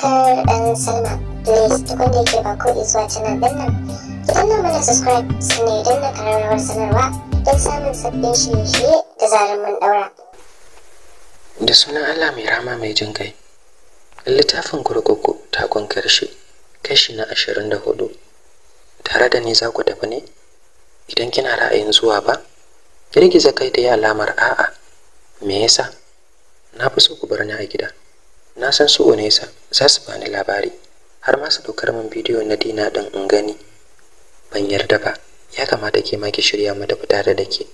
subscribe and sign up. Please tukun da yake ba ko zuwa canal nan. subscribe sannan idan na kararrawar sanarwa don samun sabbin da zarar Da sunan Allah mai rama mai jin kai. Littafin kurkuku takon karshe kashi na ashirin da hudu. Tare da ni za ku tafi ne? Idan kina ra'ayin zuwa ba, girgiza kai ta alamar a'a. Me yasa? Na fi so ku bar ni a gida. na san su onesa za su bani labari har ma su ɗaukar min bidiyo na dina ɗin in gani ban yarda ba ya kamata ke ma ki shirya mata fita da dake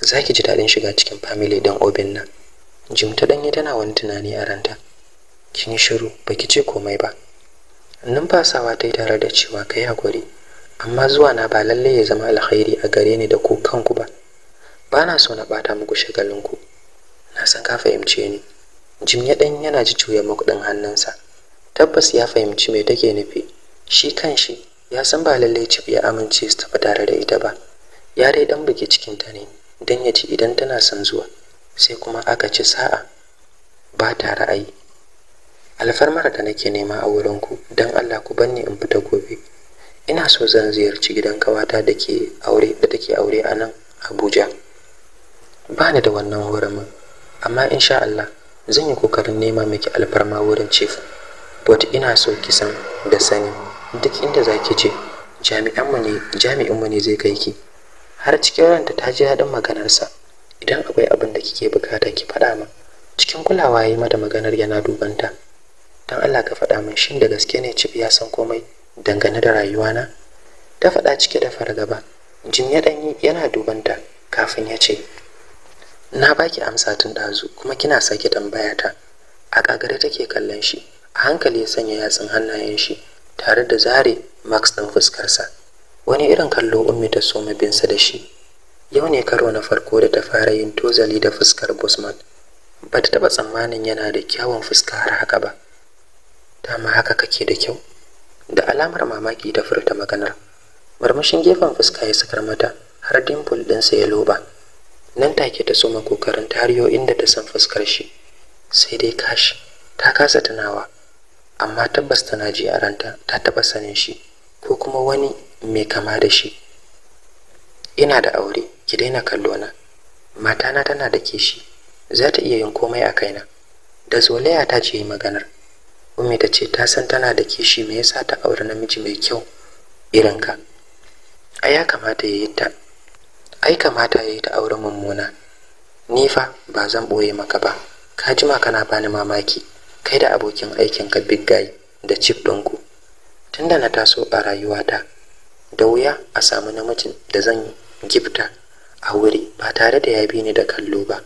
za ki ji daɗin shiga cikin family ɗin obin nan jim ta ɗanye tana wani tunani a ranta kin shiru Baki ki ce komai ba numfasawa ta yi tare da cewa ka yi amma zuwa na ba lallai ya zama alkhairi a gare ni da ku kanku ba ba na so na ɓata muku shagalinku na san ka fahimce ni jim ya ɗan yana ji cuya makuɗin hannunsa tabbas ya fahimci me take nufi shi kan shi ya san ba lallai cif ya amince su tafi tare da ita ba ya dai ɗan bugi cikinta ne don ya ci idan tana son zuwa sai kuma aka ci sa'a ba ta ra'ayi alfarmar da nake nema a wurinku don allah ku banni in fita gobe ina so zan ziyarci gidan kawata da ke aure da take aure a nan abuja ba ni da wannan wurin amma insha allah zan yi kokarin nema miki alfarma wurin chief but ina so ki san da sani duk inda za ki je ne jami'inmu ne zai kai ki har cikin ranta ta ji daɗin maganarsa idan akwai abin da kike bukata ki faɗa ma. cikin kulawa yi mata maganar yana dubanta dan Allah ka faɗa min shin da gaske ne chief ya san komai dangane da rayuwana ta faɗa cike da fargaba jin ya ɗanyi yana dubanta kafin ya ce na baki amsa tun ɗazu kuma kina sake tambaya ta a kagare take kallon shi a hankali ya sanya yatsun hannayen shi tare da zare max ɗin fuskarsa wani irin kallo ummi ta soma binsa da shi yau ne karo na farko da ta fara yin tozali da fuskar bosman ba ta taɓa tsammanin yana da kyawun fuska har haka ba ma haka kake da kyau da alamar mamaki ta furta maganar murmushin gefen fuska ya sakar mata har dimple ɗinsa ya loba nan take ta soma kokarin tariyo inda ta san fuskar shi sai dai kashi ta kasa tunawa amma tabbas tana ji a ranta ta taba sanin shi ko kuma wani mai kama da shi ina da aure ki daina kallona matana tana da kishi za ta iya yin komai a kaina da zolaya ta ce maganar Ummi ta ce ta san tana da kishi me yasa ta aure namiji mai kyau Irinka. a ya kamata ya yi ta ai kamata ya yi ta auren mummuna ni fa ba zan ɓoye maka ba ka jima kana bani mamaki kai da abokin aikinka big guy da chip ɗinku tunda na taso a rayuwata da wuya a samu namijin da zan gifta a wuri ba tare da ya bi ni da kallo ba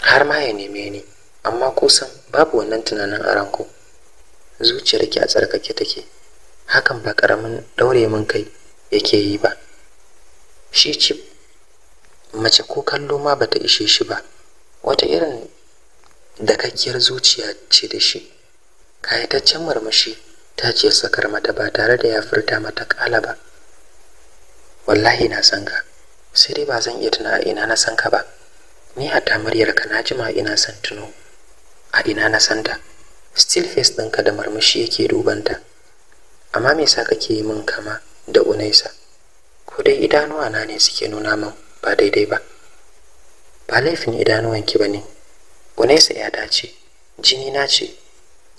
har ma ya neme ni amma kusan babu wannan tunanin a ranku zuciyarki a tsarkake take hakan ba ƙaramin ɗaure min kai yake yi ba shi cif mace ko kallo ma bata ishe shi ba wata irin da dakakkiyar zuciya ce da shi kayataccen marmashi ta ce sakar mata ba tare da ya furta mata kala ba wallahi na san ka sai dai ba zan iya tuna a ina na san ka ba ni hatta muryar ka na jima ina san tuno a ina na san ta still face ɗinka da marmashi yake dubanta amma me sa kake yi min kama da unaisa dai idanuwa na ne suke nuna min ba daidai ba ba laifin idanuwanki ba ne Unesa ya dace jini na ce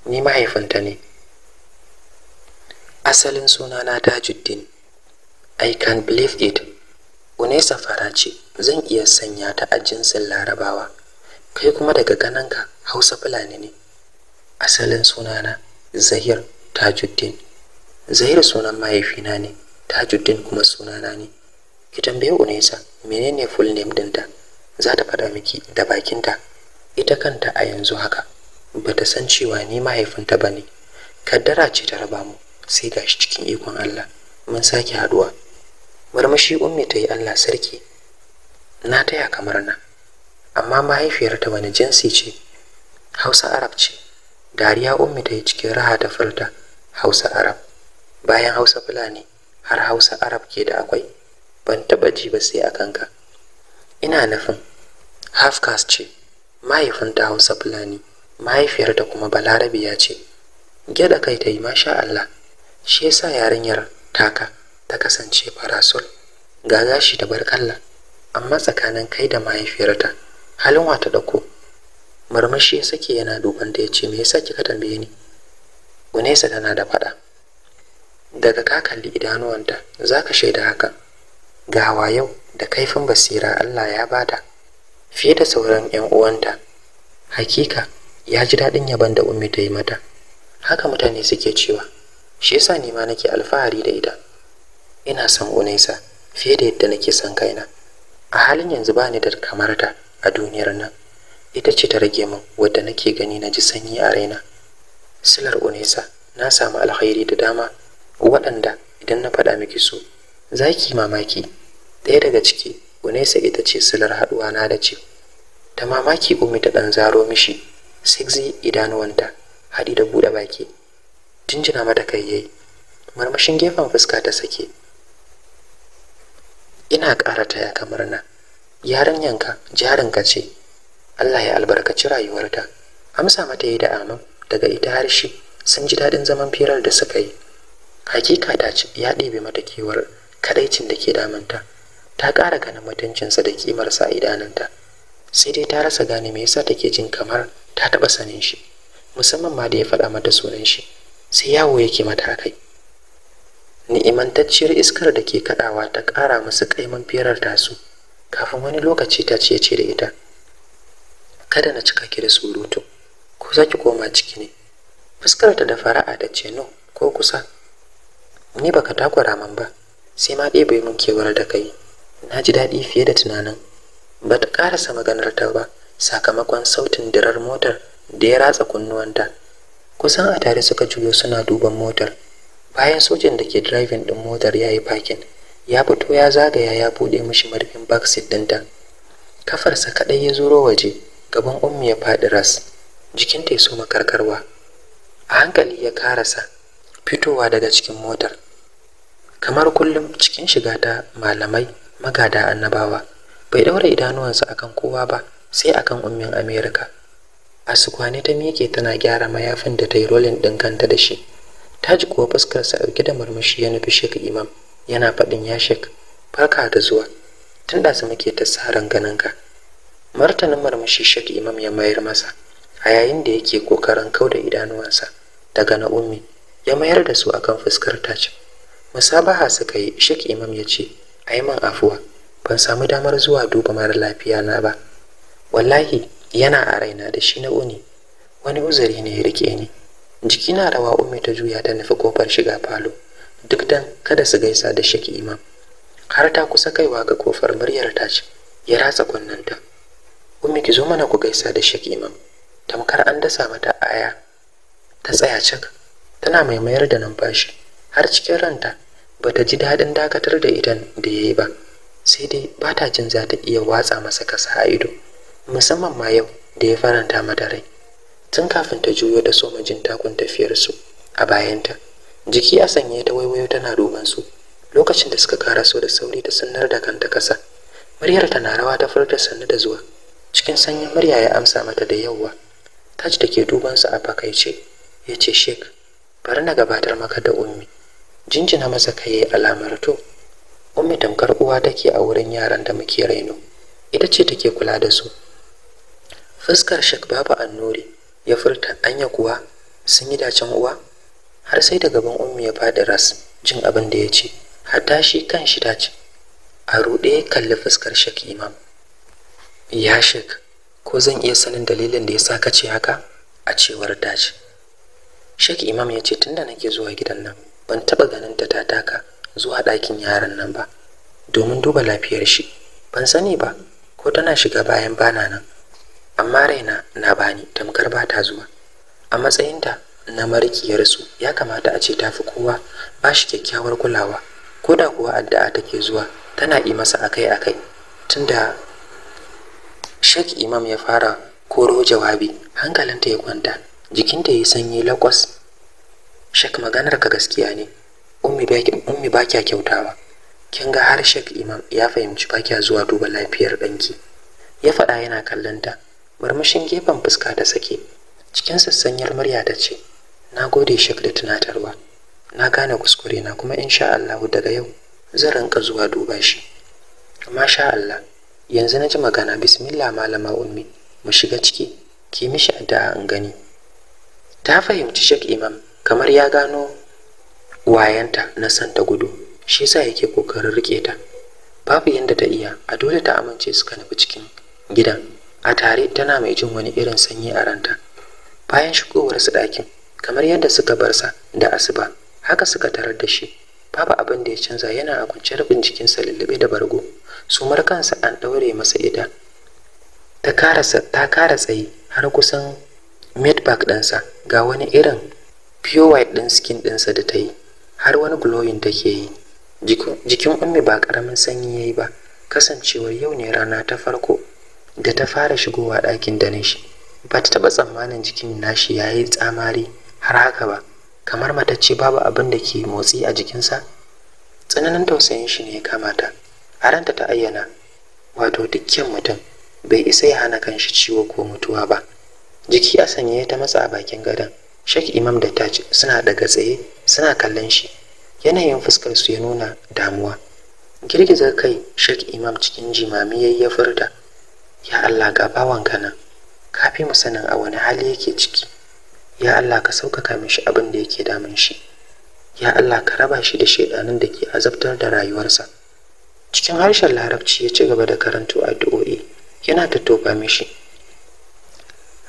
ni mahaifinta ne asalin suna na tajuddin i can believe it Unesa fara ce zan iya sanya ta a jinsin larabawa kai kuma daga ganinka hausa fulani ne asalin sunana zahir tajuddin zahir sunan mahaifina ne tajuddin kuma sunana ne ki tambaye unaisa menene full name dinta za ta faɗa miki da bakinta ita kanta a yanzu haka Bata san cewa ni mahaifinta ba ne kaddara ce ta raba mu sai gashi cikin ikon allah mun sake haduwa. marmashi ummi ta yi allah sarki na taya kamar na amma mahaifiyarta wani jinsi ce hausa arab ce dariya ummi ta yi cikin raha ta furta hausa arab bayan hausa fulani har hausa arab ke da akwai ban taɓa ji ba sai a kanka ina nufin half caste ce ta hausa fulani mahaifiyarta kuma balarabiya ce gyada kai ta yi masha allah shi yasa yarinyar taka ta kasance farasol ga gashi da barkalla amma tsakanin kai da mahaifiyarta halin wata dauko murmushi sake yana duban da ya ce me yasa kika tambaye ni gunesa tana da fada daga ka kalli idanuwanta za ka shaida haka ga yau da kaifin basira Allah ya bata fiye da sauran 'yan uwanta hakika ya ji daɗin yaban da ummi ta yi mata haka mutane suke cewa shi yasa nima nake alfahari da ita ina son unaisa fiye da yadda nake son kaina a halin yanzu ba ni da kamar ta a duniyar nan ita ce ta rage min wadda nake gani na ji sanyi a raina silar unaisa na samu alkhairi da dama waɗanda idan na faɗa miki su za ki mamaki ɗaya daga ciki unesa ita ce silar haɗuwa na da ce ta mamaki umi ta ɗan zaro mishi sigzi idanuwanta haɗi da buɗe baki jinjina mata kai yayi marmashin gefen fuska ta sake ina ƙara taya kamar na yarinyanka jarinka ce allah ya albarkaci rayuwarta amsa mata yi da amin daga ita har shi sun ji daɗin zaman firar da suka yi hakika ta ce ya ɗebe mata kewar kadaicin da ke damanta ta ƙara ganin mutuncinsa da kimarsa a idanunta sai dai ta rasa gane me yasa take jin kamar ta taɓa sanin shi musamman ma da ya faɗa mata sunan shi sai yawo yake mata kai ni'imantacciyar iskar da ke kaɗawa ta ƙara musu kaiman firar tasu kafin wani lokaci ta ce ce da ita kada na cika ki da surutu ko za ki koma ciki ne fuskarta da fara'a da ce no ko kusa ni baka takura min ba sai ma ɗebe mun kewar da kai na ji daɗi fiye da tunanin ba ta ƙarasa maganar ta ba sakamakon sautin dirar motar da ya ratsa kunnuwanta kusan a tare suka juyo suna duban motar bayan sojin da ke driving ɗin motar ya yi parking ya fito ya zagaya ya buɗe mishi marfin backseat ɗinta kafarsa kaɗai ya zuro waje gaban ummi ya faɗi ras jikinta ya soma karkarwa a hankali ya karasa fitowa daga cikin motar kamar kullum cikin shiga ta malamai magada annabawa bai daura idanuwansa akan kowa ba sai akan ummin america asukwane ta miƙe tana gyara mayafin da ta yi rolin ɗin kanta da shi ta ji kuwa fuskarsa ɗauke da murmushi ya nufi shek imam yana faɗin ya shek farka da zuwa tun da su muke ta tsarin ganin ka martanin murmushi shek imam ya mayar masa a yayin da yake kokarin da idanuwansa daga na ummi ya mayar da su akan fuskar tace musabaha suka yi shek imam ya ce a yi min afuwa ban samu damar zuwa duba mara lafiya na ba wallahi yana a raina da shi na uni wani uzuri ne ya rike ni jiki na rawa umi ta juya ta nufi kofar shiga falo duk dan kada su gaisa da shek imam har ta kusa kaiwa ga kofar muryar ta ce ya ratsa kunnanta umi ki zo mana ku gaisa da shek imam tamkar an dasa mata aya ta tsaya cak tana mai mayar da numfashi har cikin ranta Ba ta ji daɗin dakatar da idan da ya yi ba sai dai ba ta jin za ta iya watsa masa kasa a ido musamman ma yau da ya faranta mata rai tun kafin ta juyo da soma majin takun tafiyar su a bayanta jiki a sanye ta waiwayo tana duban su lokacin da suka kara so da sauri ta sanar da kanta kasa muryar tana rawa ta furta sannu da zuwa cikin sanyin murya ya amsa mata da yawa. taj da ke duban su a fakaice ya ce shek bari na gabatar maka da ummi jinjina masa kai alamar to ummi tamkar uwa take a wurin yaran da muke raino ita ce take kula da su fuskar shek babu annuri ya furta anya kuwa sun yi dacen uwa har sai da gaban ummi ya fadi ras jin abin da ya ce hatta shi kan shi dace a ruɗe kalli fuskar shek imam ya shek ko zan iya sanin dalilin da ya sa ka ce haka a cewar daji? shek imam ya ce tunda nake zuwa gidan nan ban taɓa ganin ta ta taka zuwa ɗakin yaron nan ba domin duba lafiyar shi ban sani ba ko tana shiga bayan bana nan amma raina na bani tamkar ba ta zuwa a matsayinta na su ya kamata a ce ta fi kowa ba shi kyakkyawar kulawa ko da kuwa addu'a take zuwa tana yi masa akai-akai tunda shek Imam ya fara koro jawabi hankalinta ya kwanta jikinta ya sanyi lakwas shek maganar ka gaskiya ne ummi ba kya kyautawa kin ga har shek imam ya fahimci ba kya zuwa duba lafiyar ɗanki ya faɗa yana kallon murmushin gefen fuska da sake cikin sassanyar murya ta ce na gode shek da tunatarwa na gane kuskure na kuma insha Allah daga yau zan rinka zuwa duba shi masha Allah yanzu na ji magana bismillah malama ummi mu shiga ciki ki mishi addu'a in gani ta fahimci shek imam kamar ya gano wayanta na santa gudu shi sa yake kokarin rike ta babu yanda ta iya a dole ta amince suka nufi cikin gidan a tare tana mai jin wani irin sanyi a ranta bayan shigowar su ɗakin kamar yadda suka bar sa da asuba haka suka tarar da shi babu abin da ya canza yana a kwance rubin sa lullube da bargo sumar kansa an ɗaure masa ida ta kara tsaye har kusan back ɗinsa ga wani irin pure white ɗin skin ɗinsa da ta yi har wani glowing take yi jikin ummi ba karamin sanyi ya yi ba kasancewar yau ne rana ta farko da ta fara shigowa ɗakin da shi ba ta taɓa tsammanin jikin nashi ya yi tsamari har haka ba kamar matacce babu abin da ke motsi a jikinsa tsananin tausayin shi ne ya kamata a ta ayyana wato dukkan mutum bai isa ya hana kanshi ciwo ko mutuwa ba jiki a sanye ta matsa a bakin gadon Sheikh Imam da Taj suna daga tsaye suna kallon shi. Yanayin fuskar su ya nuna damuwa. Girgiza kai Sheikh Imam cikin jimami yayi ya furta. Ya Allah ga bawan kana. Ka fi mu sanin a wani hali yake ciki. Ya Allah ka sauƙaƙa mishi abin da yake damun shi. Ya Allah ka raba shi da shedanin da ke azabtar da rayuwarsa. Cikin harshen Larabci ya ci gaba da karanto addu'o'i yana tattoba mishi.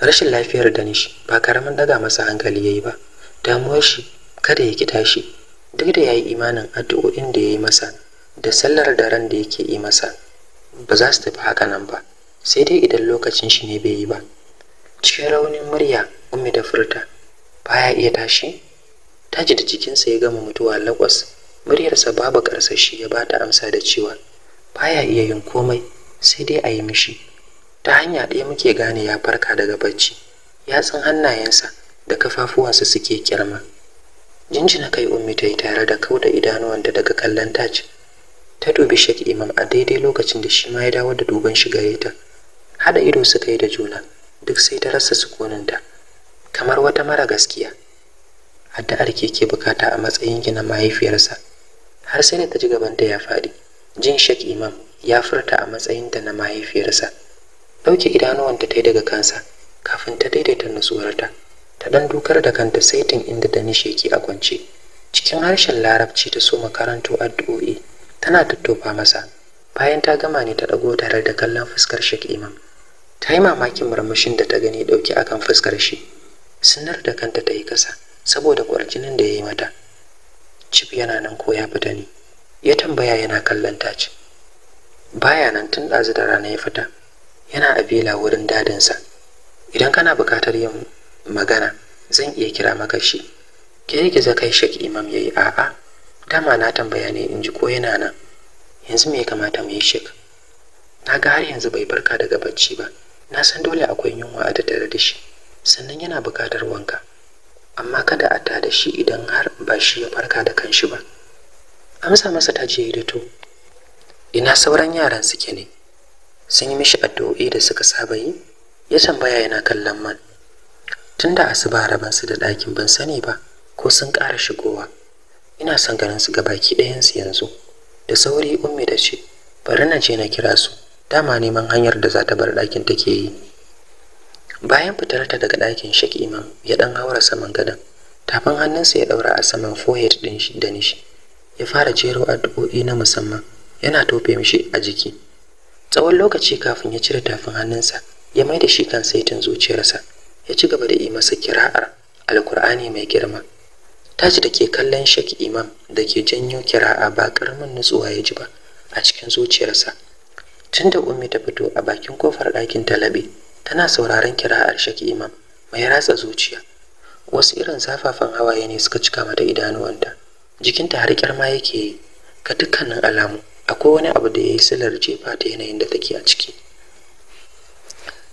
rashin lafiyar da shi ba karamin daga masa hankali yayi ba damuwar shi kada ya ki tashi duk da yayi imanin addu'o'in da yayi masa da sallar daren da yake yi masa ba za su tafi haka nan ba sai dai idan lokacin shi ne bai yi ba cikin raunin murya ummi da furta baya iya tashi taji da jikinsa ya gama mutuwa lakwas muryarsa babu karsashi ya bata amsa da cewa baya iya yin komai sai dai a yi mishi ta hanya ɗaya muke gane ya farka daga bacci yatsun hannayensa da kafafuwansa suke kirma jinjina kai ummi ta yi tare da kau da idanuwanta daga kallon taj ta dubi shek imam a daidai lokacin da shi ma ya dawo da duban shi gare ta haɗa ido suka yi da juna duk sai ta rasa sukuninta kamar wata mara gaskiya addu'ar ke ke bukata a matsayin gina mahaifiyarsa har sai da ta ji gaban ta ya faɗi jin shek imam ya furta a matsayinta na mahaifiyarsa ɗauke idanuwanta ta daga kansa kafin ta daidaita nutsuwarta ta ɗan dukar da kanta saitin inda da ki a kwance cikin harshen larabci ta so makarantu addu'o'i tana tattofa masa bayan ta gama ne ta ɗago tare da kallon fuskar shek imam ta yi mamakin murmushin da ta gani ɗauke akan fuskar shi sinar da kanta ta yi kasa saboda kwarjinin da ya yi mata cif yana nan ko ya fita ne ya tambaya yana kallon tace. baya nan tun ɗazu da rana ya fita yana a bela wurin dadinsa idan kana bukatar yin magana zan iya kira maka shi za kai shek imam yayi a'a dama na tambaya ne in ji ko yana nan yanzu me ya kamata mu yi shek na ga har yanzu bai barka daga bacci ba na san dole akwai yunwa a tattare da shi sannan yana bukatar wanka amma kada a ta da shi idan har ba shi ya farka da kanshi ba amsa masa ta je da to ina sauran yaran suke ne sun yi mishi addu'o'i da suka saba yi ya tambaya yana kallon man tun da asuba su da ɗakin ban sani ba ko sun ƙara shigowa ina son ganin su ga ɗayan ɗayansu yanzu da sauri ummi da ce bari na je na kira su dama neman hanyar da za ta bar ɗakin take yi bayan fitar ta daga ɗakin shek imam ya ɗan haura saman gadon tafin hannunsa ya ɗaura a saman fohet ɗin shi da nishi ya fara jero addu'o'i na musamman yana tofe mishi a jiki tsawon lokaci kafin ya cire tafin hannunsa ya mai da shi kan saitin zuciyarsa ya ci gaba da yi masa kira'ar alkur'ani mai girma ji da ke kallon shek imam da ke janyo kira'a ba karamin nutsuwa ya ji ba a cikin zuciyarsa tun da ummi ta fito a bakin kofar ɗakin talabi tana sauraron kira'ar shek imam mai ratsa zuciya wasu irin zafafan hawaye ne suka cika mata idanuwanta jikinta har ma yake yi ga dukkanin alamu akwai wani abu da ya yi silar jefa ta yanayin da take a ciki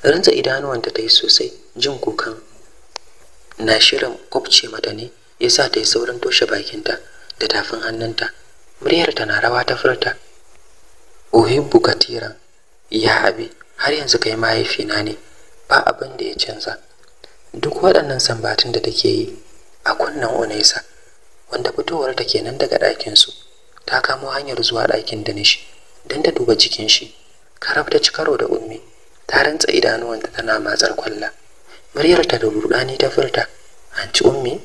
rantsa idanuwanta ta yi sosai jin kukan na shirin kwabce mata ne ya sa ta yi saurin toshe bakinta da tafin hannunta muryar ta na rawa ta furta Ohin bukatira ya abi har yanzu kai mahaifina ne ba abin da ya canza duk waɗannan sambatin da take yi a kunnen unaisa wanda fitowar ta kenan daga ɗakinsu ta kamo hanyar zuwa ɗakin danish don ta duba jikin shi karab ta ci karo da ummi ta rantsa idanuwanta tana matsar kwalla muryarta da rudani ta furta an ci ummi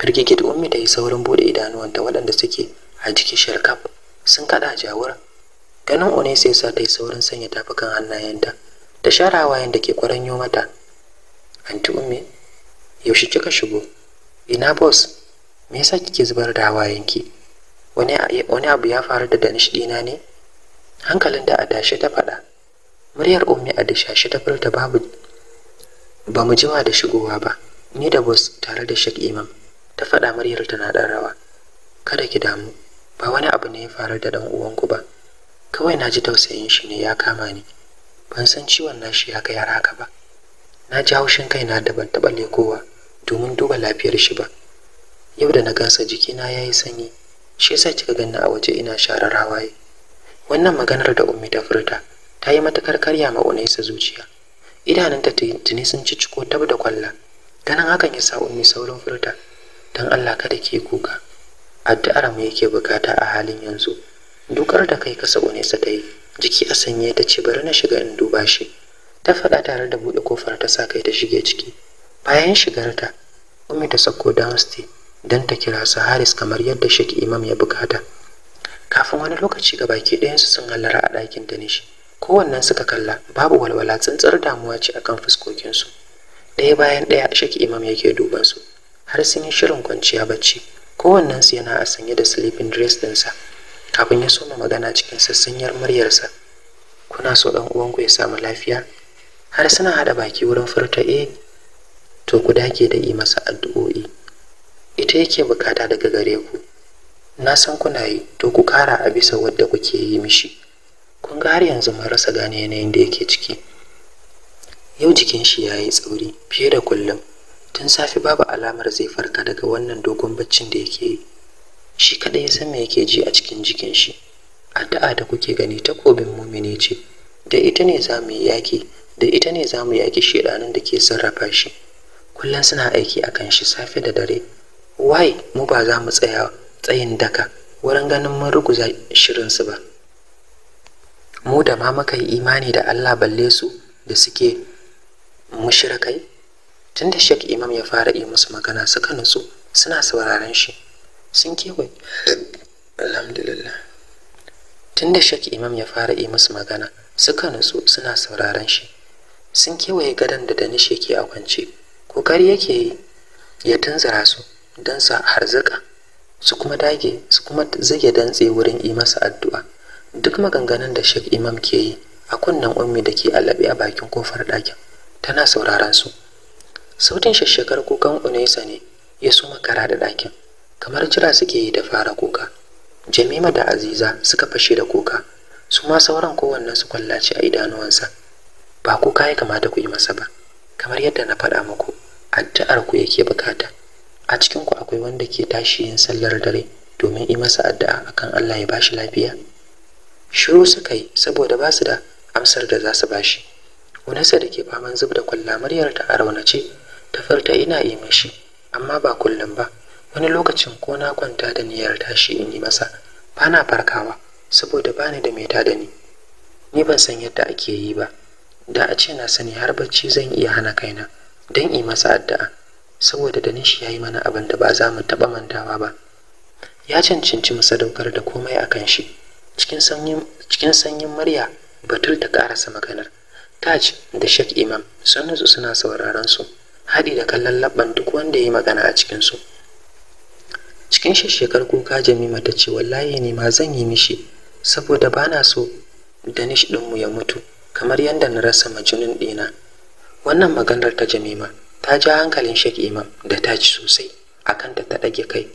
firgigit ummi ta yi saurin bude idanuwanta waɗanda suke a jikin shirkaf sun kaɗa jawur ganin one sai sa ta yi saurin sanya tafukan hannayenta ta share hawayen da ke kwaranyo mata anti ummi yaushe kika shigo ina boss me yasa kike zubar da hawayenki Eh, wani abu ya faru da danish ɗina ne hankalin da adashi ta faɗa muryar ummi a dashashe ta furta babu ba mu jima da shigowa ba ni da bos tare da shek imam ta faɗa muryar tana ɗan rawa kada ki damu ba wani abu ne ya faru da ɗan uwanku ba kawai na ji tausayin shi ne ya kama ni ban san ciwon nashi ya kai har haka ba na ji haushin kai na da ban taɓa lekowa domin duba lafiyar shi ba yau da na gasa jikina ya yi sanyi shi yasa kika ganna a waje ina sharar hawaye wannan maganar da ummi ta furta ta yi matakar karya ma unaisa zuciya idanunta tuni sun ci ciko tab da kwalla ganin hakan ya sa ummi saurin furta dan allah kada ki kuka addu'ar mu yake bukata a halin yanzu dukar da kai kasa unaisa ta yi jiki a sanye ta ce bari na shiga in duba shi ta faɗa tare da buɗe kofar ta sa kai ta shige ciki bayan shigarta ummi ta sako downstairs don ta kira su Haris kamar yadda Sheikh Imam ya bukata. Kafin wani lokaci ga baki ɗayansu sun hallara a ɗakin da nishi, Kowannen suka kalla babu walwala tsantsar damuwa ce akan fuskokinsu. Ɗaya bayan ɗaya Sheikh Imam yake duban su har sun yi shirin kwanciya bacci. Kowannensu yana a sanye da sleeping dress ɗinsa. Kafin ya soma magana cikin sassanyar muryarsa. Kuna so ɗan uwanku ya samu lafiya? Har suna haɗa baki wurin furta eh to ku dake da yi masa addu'o'i. ita yake bukata daga gare ku na san kuna yi to ku kara a bisa wadda kuke yi mishi kun ga har yanzu mun rasa gane yanayin da yake ciki yau jikin shi ya yi tsauri fiye da kullum tun safi babu alamar zai farka daga wannan dogon baccin da yake yi shi kadai ya san me yake ji a cikin jikin shi addu'a da kuke gani takobin mumini ce da ita ne za mu yi yaƙi da ita ne za mu yaƙi shedanin da ke sarrafa shi kullum suna aiki a kan shi safe da dare wai mu ba za mu tsaya tsayin daka wurin ganin mun ruguza shirinsu ba mu da ma muka yi imani da Allah balle su da suke mushrikai tunda Sheikh Imam ya fara yi musu magana suka nutsu suna sauraron shi sun kewaye alhamdulillah tunda shek Imam ya fara yi musu magana suka nutsu suna sauraron shi sun kewaye gadon da Danish ke a kwance kokari yake yi ya tunzura su don sa harzika su kuma dage su kuma zage dantse wurin yi masa addu'a duk maganganun da Sheikh Imam ke yi a kunnen ummi da ke alabe a bakin kofar ɗakin tana sauraron su sautin shashshakar kukan Unaisa ne ya suma kara da ɗakin kamar jira suke yi da fara kuka Jamima da Aziza suka fashe da kuka su ma sauran kowannen su kwallace a idanuwansa ba kuka ya kamata ku yi masa ba kamar yadda na faɗa muku addu'ar ku yake bukata a cikin ku akwai wanda ke tashi yin sallar dare domin yi masa addu'a akan Allah ya bashi lafiya shiru suka yi saboda ba su da amsar da za su bashi unasa da ke faman zub da kwalla muryar ta a raunace ta farta ina yi mishi amma ba kullum ba wani lokacin ko na kwanta da niyyar tashi in yi masa bana farkawa saboda bani da mai tada ni ni ban san yadda ake yi ba da a ce na sani har bacci zan iya hana kaina don yi masa addu'a saboda da nishi ya yi mana abin da ba za mu taɓa mantawa ba ya cancanci mu sadaukar da komai a kan shi cikin sanyin murya batul ta ƙarasa maganar taj da shek imam sun nutsu suna sauraron su haɗi da kallon labban duk wanda ya yi magana a cikinsu cikin shekar kuka jamima ta ce wallahi ne ma zan yi mishi saboda ba na so danish ɗinmu ya mutu kamar yadda na rasa majinin ɗina wannan maganar ta jamima ta ji hankalin Sheikh Imam da ta ci sosai a da ta ɗage kai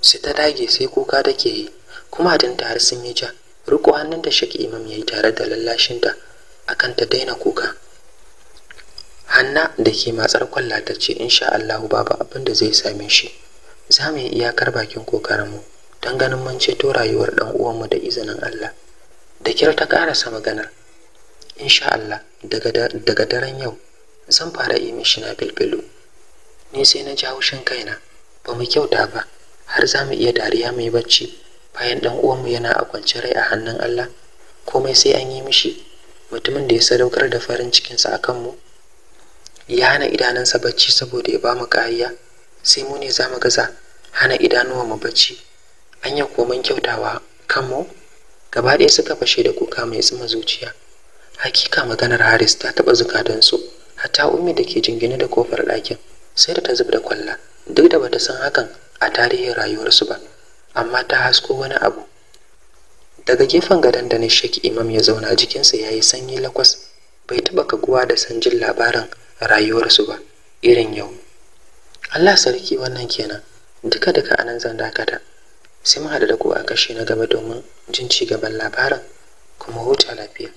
Su ta dage sai kuka ke yi kuma din ta har sun yi ja riko hannun da Sheikh Imam ya yi tare da lallashin lallashinta akan ta daina kuka Hanna da ke matsar kwalla ta ce insha Allah babu abin da zai same shi za mu yi iyakar bakin kokarinmu don ganin mun ceto rayuwar dan uwanmu da izinin Allah da kira ta ƙarasa maganar insha Allah daga daren yau zan fara yi mishi na bilbilu ni sai na jawo haushin kaina ba mu kyauta ba har za mu iya dariya mai bacci bayan dan uwanmu yana a kwance rai a hannun Allah komai sai an yi mishi mutumin da ya sadaukar da farin cikinsa a kanmu ya hana idanunsa bacci saboda ya ba mu kariya sai mu ne za mu gaza hana idanuwa mu bacci an yi koman kyautawa kanmu gaba ɗaya suka fashe da kuka mai tsima zuciya hakika maganar haris ta taɓa zukatansu hatta ummi da ke jingine da kofar ɗakin sai da ta zub da kwalla duk da bata san hakan a tarihin rayuwarsu ba amma ta hasko wani abu daga gefen gadon da shek imam ya zauna jikinsa ya yi sanyi lakwas bai taɓa kaguwa da san jin labarin rayuwarsu ba irin yau allah sarki wannan kenan duka duka anan zan dakata sai mu haɗu da ku a kashe na gaba domin jin ci gaban labarin kuma huta lafiya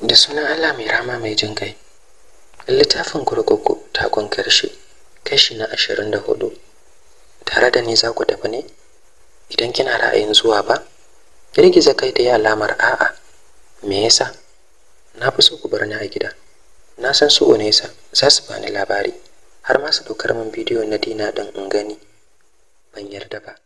da sunan Allah mai rama mai jin kai littafin kurkuku takon karshe kashi na ashirin da hudu tare da ni za ku tafi ne idan kina ra'ayin zuwa ba girgiza kai da ya alamar a'a me yasa na fi so ku bar ni a gida na san su unesa za su bani labari har ma su ɗaukar min bidiyo na dina ɗin in gani ban yarda ba